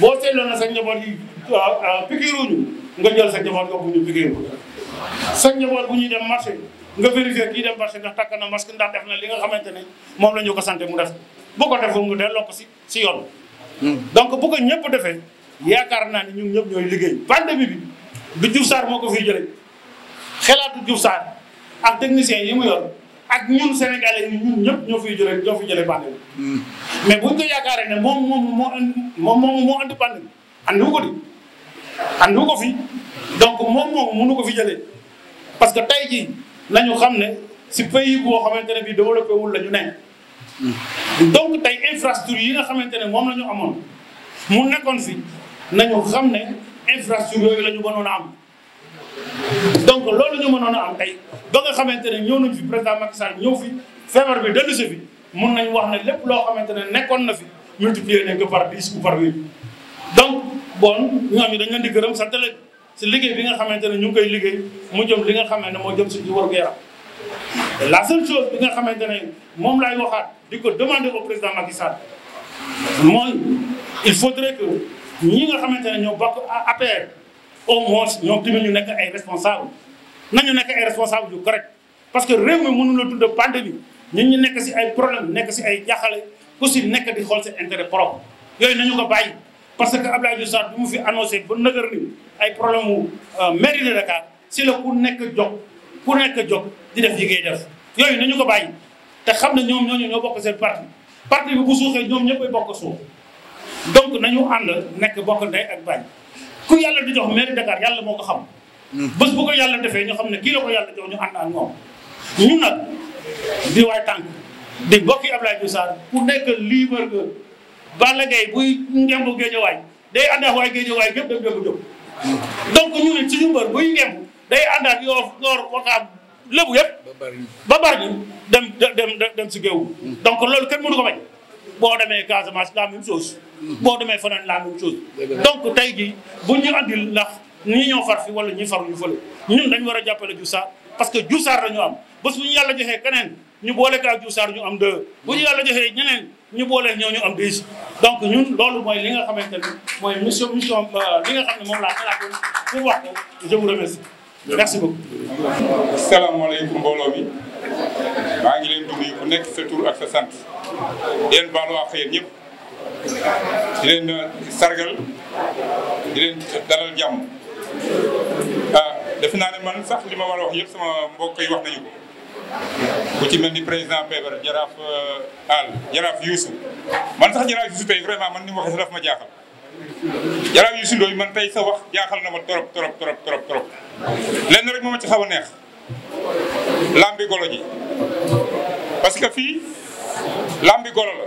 boo seetloo na sa njaboot ah, ah, nga jël sa njaboot nga bu ñu pikiru sa njaboot bu ñuy dem marché nga vérifier kii dem marché ndax takk na masque ndax def na li nga xamante ne moom la ñu ko sant mu def bu ko deful mu delloo ko si si yoon donc bu ko ñëpp defee yaakaar naa ne ñun ñëpp ñooy liggéey pandémie bi du Diouf Sarr moo ko fiy jëlee xelaatu Diouf Sarr ak techniciens yi mu yor ak ñun sénégalais yi ñun ñëpp ñoo fiy jëlee ñoo fiy jëlee pandémie hmm. mais buñ ko yaakaaree ne moom moom moo moom moom moo andi pandémie ko di andiwu ko fi donc moom moom mënu ko fi jëlee parce que tey jii nañu xam ne si pays boo xamante ne bii développé wul la ñu ne hmm. donc tey infrastructure yi nga xamante ne moom la ñu amoon mu nekkoon fi nañu xam ne infrastructure yooyu la ñu mënoon a am donc loolu ñu mënoon a am tey ba nga xamante ne ñëw nañ fi président Macky Sall ñëw fi feebar bi dellu si fi mun nañ wax ne lépp loo xamante ne nekkoon na fi multiplier nañ ko par 10 ou donc bon ñoom yi dañ leen di gërëm sant leen liggéey bi nga xamante ne ñu ngi koy liggéey mu jëm li nga xamante ne moo jëm suñu wërgu yaram la seule chose bi nga xamante ne moom laay waxaat di ko demander au président Macky Sall mooy il faudrait que ñi nga xamante ne ñoo bokk APR au moins ñoom tamit ñu nekk ay responsable nañu nekk ay responsable yu correct parce que réew mi mënu la dund pandémie ñun ñu nekk si ay problème nekk si ay jaxale ku si nekk di xool sa intérêt propre yooyu ñu ko bàyyi parce que Abdoulaye Diouf Sarr bi mu fi annoncé ba nëgër ni ay problème mu euh, mairie de Dakar si la ku nekk jóg ku nekk jóg di def liggéey def yooyu na ñu ko bàyyi te xam ne ñoom ñooñu ñoo bokk seen parti parti bi bu suuxee ñoom ñëpp ay bokk suuf donc nañu ànd nekk bokk ndey ak bañ ku yàlla di jox mairie Dakar yàlla moo ko xam. Hmm. bés bu yàlla defee ñu xam ne kii la ko yàlla jox ñu ànd ak moom. ñun nag di waay tànk di mbokki Abdoulaye Diouf Sarr ku nekk libre nga Balla Gaye buy ngemb géejawaay day ànd ak waay géejawaay yëpp dem dem hmm. jóg. donc ñu ne suñu mbër buy ngemb day ànd ak yoo Ngor Wakaam lébu ba bari ba bari dem dem dem si géew. Hmm. donc loolu kenn mënu ko bañ. boo demee Casamance la même chose. boo demee fanaan la même chose. donc tey jii bu ñu andil ndax ñu ñoo far fi wala ñi faruñu fële ñun dañ war a jàppale Diouf Sarr parce que Diouf Sarr la ñu am bés bu ñu yàlla joxee keneen ñu boole kaa Diouf Sarr ñu am deux bu ñu yàlla joxee ñeneen ñu boolee ñoo ñu am dix donc ñun loolu mooy li nga xamante ne mooy mission mission euh, li nga xam ne moom laa xalaatoon pour wax ko je vous remercie. merci beaucoup. salaamaaleykum mbooloo mi maa ngi leen nekk sa tur sa di leen baalu àq yéen ñëpp di leen euh, sargal di leen dalal jàmm ah def naa ne man sax li ma war a wax yëpp sama mbokk yi wax nañu ko ku ci mel ni président Pébar jaraaf euh, Al jaraaf Youssou man sax jaraaf Youssou tey vraiment man ni mu waxee sax daf ma jaaxal. jaraaf Youssou man tey sa wax jaaxal na ma torop torop torop torop torop lenn rek moo ma ci xaw a neex lambi golo ji parce que fii. làmbi golo la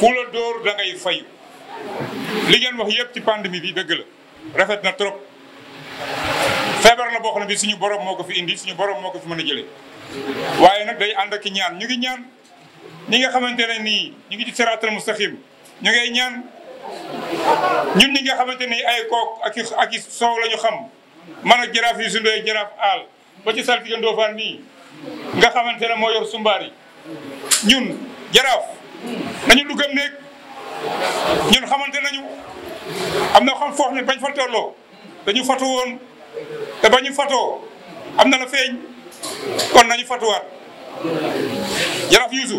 ku la dóor da ngay fayu li ngeen wax yëpp ci pandémie bi dëgg la rafet na trop feebar la boo xam ne bi suñu borom moo ko fi indi suñu borom moo ko fi mën a jëlee waaye nag day ànd ak ñaan ñu ngi ñaan ñi nga xamante ne nii ñu ngi ci siraatal mustaqim ñu ngay ñaan ñun ñi nga xamante ni ay kook ak i ak i soow la xam man a jaraaf yi sundooy jaraaf aal ba ci saltige Ndofane nii nga xamante ne moo yor sumbaar yi ñun jaraaf nañu duggam néeg ñun xamante nañu am na xam foox ne bañ fa tolloo dañu fatu woon te bañu fatoo am na na feeñ kon nañu fatuwaat jaraaf yuusu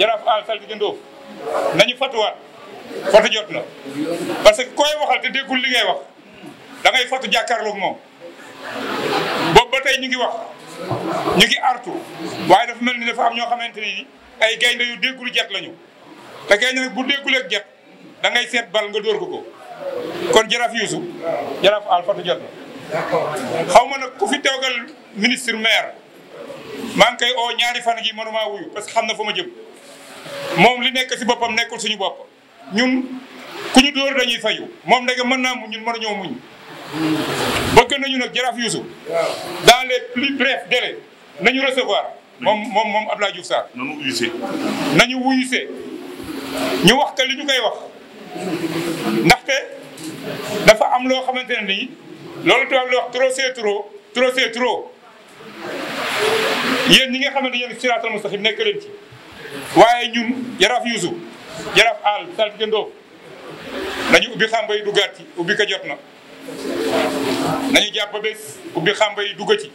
jaraaf al saldi gëndoof nañu fatuwaat fatu jot na parce que koy waxal te déggul li ngay wax dangay ngay fatu jàkkaarloog moom boobu ba tey ñu ngi wax ñu ngi artu waaye dafa mel ni dafa am ñoo xamante ni ay gaynde yu déggul jet lañu te gaynde nag bu déggul ak jet da ngay seet bal nga dóor ko ko kon jaraaf Youssou jaraaf Alfatou jot na ma nag ku fi teewgal ministre maire maa ngi oo ñaari fan gi mënuma wuyu parce que xam na fa ma jëm moom li nekk si boppam nekkul suñu bopp ñun ku ñu dóor dañuy fayu moom ndege mën naa muñ ñun mënuñoo muñ bëgg nañu nag jaraaf Youssou dans les plus brefs délais nañu recevoir moom moom moom Abdoulaye Diouf Sarr. nañu wuyuse. ñu wax ka li ñu koy wax ndaxte dafa am loo xamante ne nii loolu tubaab li wax trop c'est trop trop c'est trop yéen ñi nga xamante ne yéen siraatal mustaqim nekk leen waaye ñun Yaraaf Yuusu Yaraaf Aal Saltige Ndoof nañu ubbi xamba yi duggaat ci ubbi ko jot na nañu jàpp bés ubbi xamba yi duggati.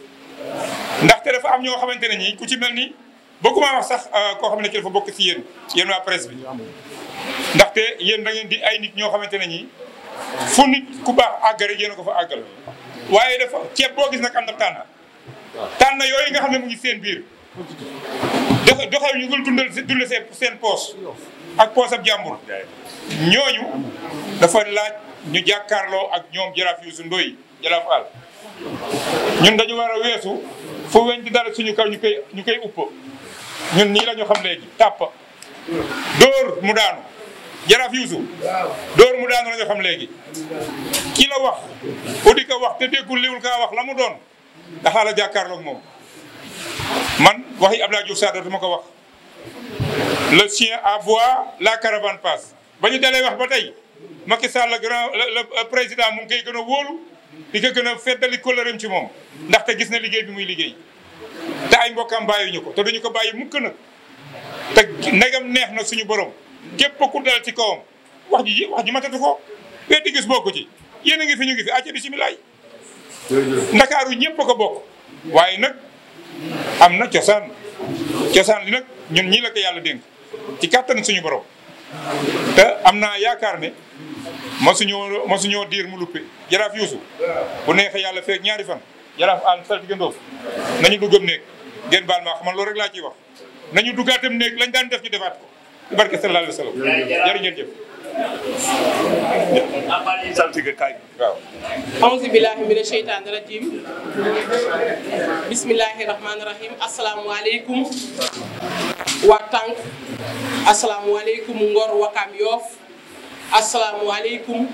ndaxte dafa am ñoo xamante ne ñi ku ci mel ni bëgguma wax sax euh, koo xam ne ki fa bokk si yéen yéen waa presse bi ndaxte yéen da ngeen di ay nit ñoo xamante ne ñi fu nit ku baax àgg rek yéen ko fa àggal waaye dafa ceeb boo gis nag am na tànn tànn yooyu nga xam ne mu ngi seen biir doxe doxal ñu dul dundal dundal seen seen poos ak poos ab jàmbur ñooñu dafa laaj ñu jàkkaarloo ak ñoom jaraaf su Ndoye jaraaf Fall ñun dañu war a weesu foo weñ di dara suñu kaw ñu koy ñu koy upp ñun nii la xam léegi tàpp dóor mu daanu jaraaf yuusu dóor mu daanu lañu xam léegi ki la wax u di ko wax te déggul liwul kaa wax la mu doon daxaa la jàkkaarloog moom man waxi Abdoulaye Diouf Sarr ma ko wax le à aboie la caravane passe ba ñu dalee wax ba tey Macky Sall le grand le président mu ngi koy gën a wóolu di ko gën a feddali kóllëreem ci moom ndaxte gis na liggéey bi muy liggéey te ay mbokkam ñu ko te duñu ko bàyyi mukk nag te negam neex na suñu borom képp ku dal ci kawam wax ji wax ji matatu ko weddi gis bokku ci yéen a ngi fi ñu ngi fi acca bisimilaay ndakaaru ñëpp ko bokk waaye nag am na cosaan cosaan li nag ñun ñii la ko yàlla dénk ci kàttan suñu borom te am naa yaakaar ne masuñoo masuñoo diir mu luppe jaraaf yuusu bu neexee yàlla feeg ñaari fan jaraaf àll saltige ndóof nañu duggam néeg ngeen baal laa ciy wax nañu duggaatam néeg lañ daan def ñu defaat ko ci barke sallallahu alayhi wa sallam jërë ngeen jëf saltige kaay waaw auzu billahi mina sheytaani rajim bismillahi rahmaani rahim asalaamaaleykum waa tànk asalaamaaleykum ngor wakaam yoof asalaamualeykum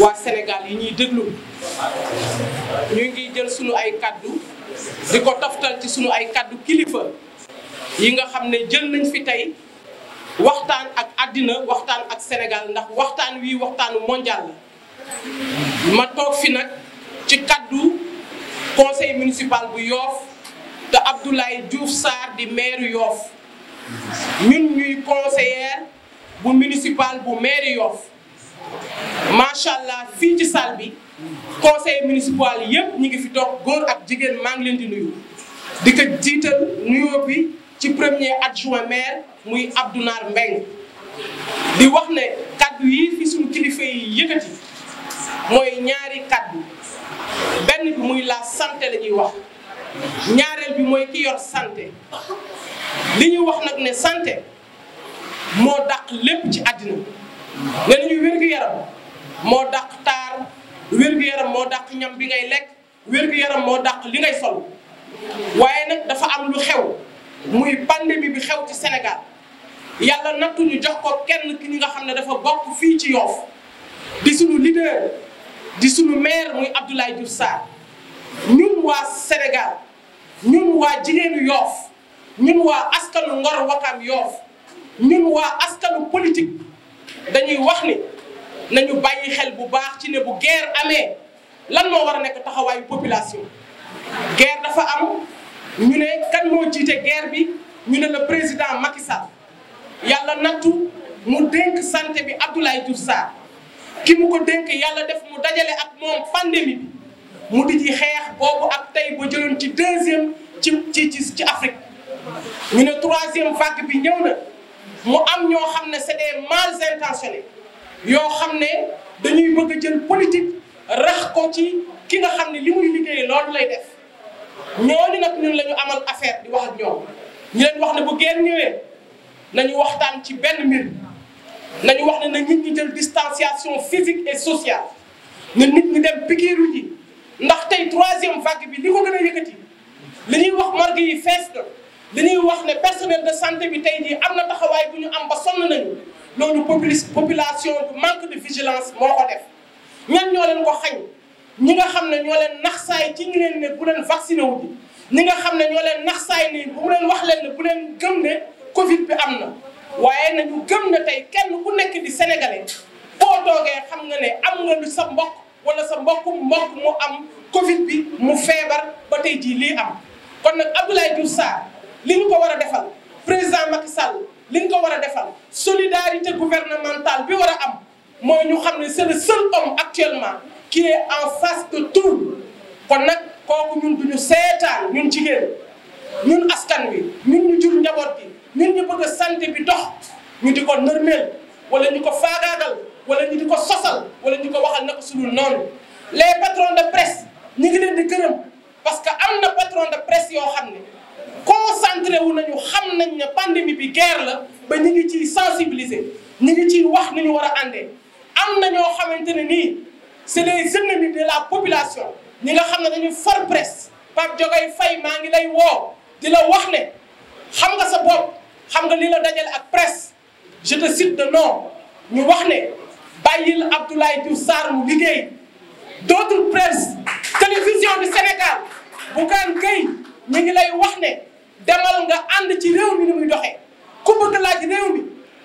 waa Sénégal yi ñuy déglu ñu ngi jël sunu ay kaddu di ko toftal ci sunu ay kàddu kilifa yi nga xam ne jël nañ fi tey waxtaan ak àddina waxtaan ak Sénégal ndax waxtaan wi waxtaanu mondial la ma toog fi nag ci kàddu conseil municipal bu Yoff te Abdoulaye juuf saar di maire yoof ñun ñuy conseiller bu municipal bu mairie Yoff macha allah fii ci salle bi conseil municipal yëpp ñu ngi fi toog góor ak jigéen maa ngi leen di nuyu. di ko jiital nuyoo bi ci premier adjoint maire muy Abdou Nar Mbeng di wax ne kaddu yi fi suñu kilifa yi yëkkati mooy ñaari kaddu benn muy la santé la ñuy wax ñaareel bi mooy ki yor santé li ñu wax nag ne santé. moo dàq lépp ci àddina nee nañu wér-gu-yaram moo dàq taar wér-gu-yaram moo dàq ñam bi ngay lekk wér-gu-yaram moo dàq li ngay sol waaye nag dafa am lu xew muy pandémie bi xew ci Sénégal yàlla nattuñu jox ko kenn ki ñi nga xam ne dafa bokk fii ci Yoff di suñu leader di suñu maire muy Abdoulaye Diouf Sarr ñun waa Sénégal ñun waa jigéenu Yoff ñun waa askanu Ngor Wakaam Yoff ñun waa askanu politique dañuy wax ni nañu bàyyi xel bu baax ci ne bu guerre amee lan moo war a nekk taxawaayu population. guerre dafa am ñu ne kan moo jiite guerre bi ñu ne le président Macky Sall yàlla nattu mu dénk santé bi Abdoulaye Diouf Sarr ki mu ko dénk yàlla def mu dajale ak moom pandémie bi mu di ci xeex boobu ak tey ba jëloon ci deuxième ci ci ci Afrique ñu ne troisième vague bi ñëw na. mu am ñoo xam ne c'est des mal intentionnés yoo xam ne dañuy bëgg a jël politique rax ko ci ki nga xam ne li muy liggéey loolu lay def ñooñu nag ñun la ñu amal affaire di wax ak ñoom ñu leen wax ne bu ngeen ñëwee nañu waxtaan ci benn mbir nañu wax ne na nit ñi jël distanciation physique et sociale na nit ñi dem pikiiru yi ndax tey troisième vague bi li ko gën a yëkkati li ñuy wax morgue yi fees na dañuy wax ne personnel de santé bi tey jii am na taxawaay bu ñu am ba sonn nañu loolu population bu manque de vigilance moo ko def ñan ñoo leen ko xañ ñi nga xam ne ñoo leen nax naxsaay ci ñu leen ne bu leen vacciné wu bi ñi nga xam ne ñoo leen naxsaay ni bu mu leen wax leen ne bu leen gëm ne Covid bi am na waaye nañu gëm ne tey kenn ku nekk di sénégalais boo toogee xam nga ne am nga lu sa mbokk wala sa mbokku mbokk mu am Covid bi mu feebar ba tey jii am kon nag Abdoulaye Diouf Sarr li ñu ko war a defal président Macky Sall li ñu ko war a defal solidarité gouvernementale bi war a am mooy ñu xam ne c'est le seul homme actuellement ki est en face de tout kon nag kooku ñun duñu seetaan ñun jigéen ñun askan wi ñun ñu jur njaboot bi ñun ñu bëgg a santé bi dox ñu di ko nërmeel wala ñu ko faagaagal wala ñu di ko sosal wala ñu ko waxal na ko sudul noonu les patrons de presse ñu ngi leen di gërëm parce que am na patron de presse yoo xam ne concentré wu nañu xam nañ ne pandémie bi guerre la ba ñu ngi ci sensibiliser ñu ngi ci wax nu ñu war a àndee am na ñoo xamante ne nii c'est les ennemis de la population ñi nga xam ne dañu for presse par Diogoy fay maa ngi lay woo di la wax ne xam nga sa bopp xam nga li la dajal ak presse je te cite de nom ñu wax ne bàyyil Abdoulaye Diouf Sarr mu liggéey d'autres presse télévision du Sénégal Bougane Gueye ñu ngi lay wax ne demal nga ànd ci réew mi ni muy doxee ku bëgg laaj réew mi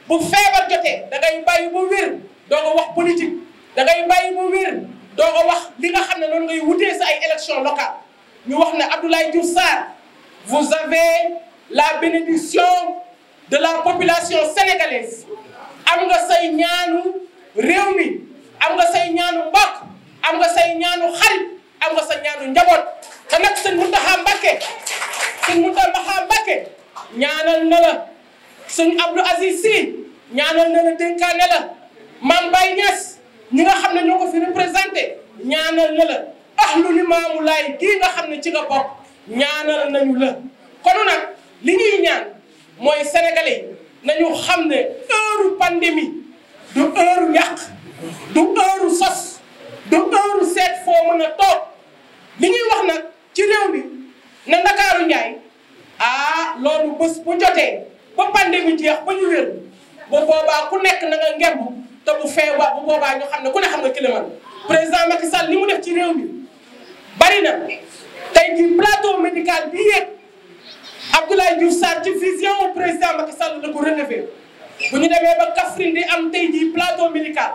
bu feebar jotee da ngay bàyyi ba wér doo wax politique da ngay bàyyi ba wér doo wax li nga xam ne loolu ngay wutee sa ay élection locale ñu wax ne Abdoulaye Diouf Sarr vous avez la bénédiction de la population sénégalaise am nga say ñaanu réew mi am nga say ñaanu mbokk am nga say ñaanu xarit am nga sa ñaanu njaboot te nag sëñ Mountakha Mbacké sëñ Mountakha Bassirou Mbacké ñaanal na la sëñ Abdou Aziz ñaanal na la dénkaane la Mame Baye Niass ñi nga xam ne ñoo ko fi représenté ñaanal na la ahlu limaamu laay gii nga xam ne ci nga bokk ñaanal nañu la kon nag li ñuy ñaan mooy sénégalais nañu xam ne heure pandémie du heure yàq du heure sos du heure seet foo mën a toog li ñuy wax nag ci réew mi ne Ndakaaru Njaay ah loolu bés bu jotee ba pandémie jeex ba ñu wér bu boobaa ku nekk na nga ngemb te bu feebar bu boobaa ñu xam ne ku ne xam nga climat président Macky Sall li mu def ci réew mi bari na tey jii plateau médical bi yéeg Abdoulaye Diouf Sarr ci vision président Macky Sall la ko relevé bu ñu demee ba Kaffrine di am tey jii plateau médical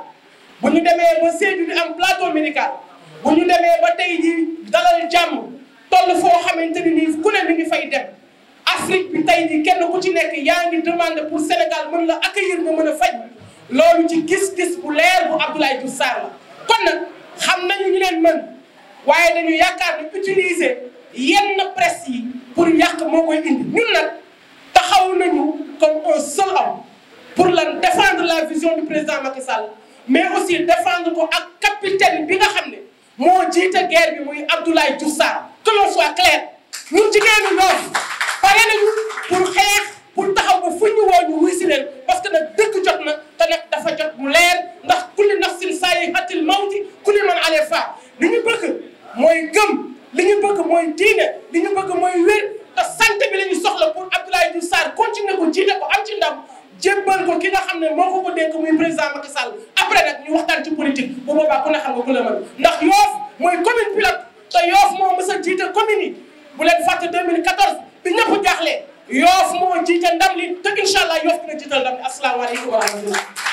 bu ñu demee ba Sédhiou di am plateau médical bu ñu demee ba tey jii dalal jàmm toll foo xamante ni nii ku ne bi ngi fay dem Afrique bi tey jii kenn ku ci nekk yaa ngi demandé pour Sénégal mën la accueillir nga mën a faj loolu ci gis-gis bu leer bu Abdoulaye Diouf Sarr la kon nag xam nañu ñu leen mën waaye dañu yaakaar ni utiliser yenn presse yi pour yàq moo koy indi ñun nag taxaw nañu comme un seul homme pour la défendre la vision du président Macky Sall mais aussi défendre ko ak capitaine bi nga xam ne moo jiite guerre bi muy Abdoulaye Diouf Sarr que l'on soit clair ñun jigéenu Yoff pare nañu pour xeex pour taxaw ba fu woo ñu wuy leen parce que nag dëkk jot na te nag dafa jot mu leer ndax kulli nafsin saayihatil mawti kulli man alayha fan li ñu bëgg mooy gëm li ñu bëgg mooy diine li ñu bëgg mooy wér te santé bi la ñu soxla pour Abdoulaye Diouf Sarr continuer ko jiite ko am ci ndam jébbal ko ki nga xam ne moo ko ko dénk muy président Macky Sall après nag ñu waxtaan ci politique bu boobaa ku ne xam te yoof moo mës a jiite commune yi bu leen fàtte 2014 bi ñëpp jaaxle yoof moo jiite ndam li te incha allah yoof dina jiital ndam li asalaamaaleykum wa rahmatulah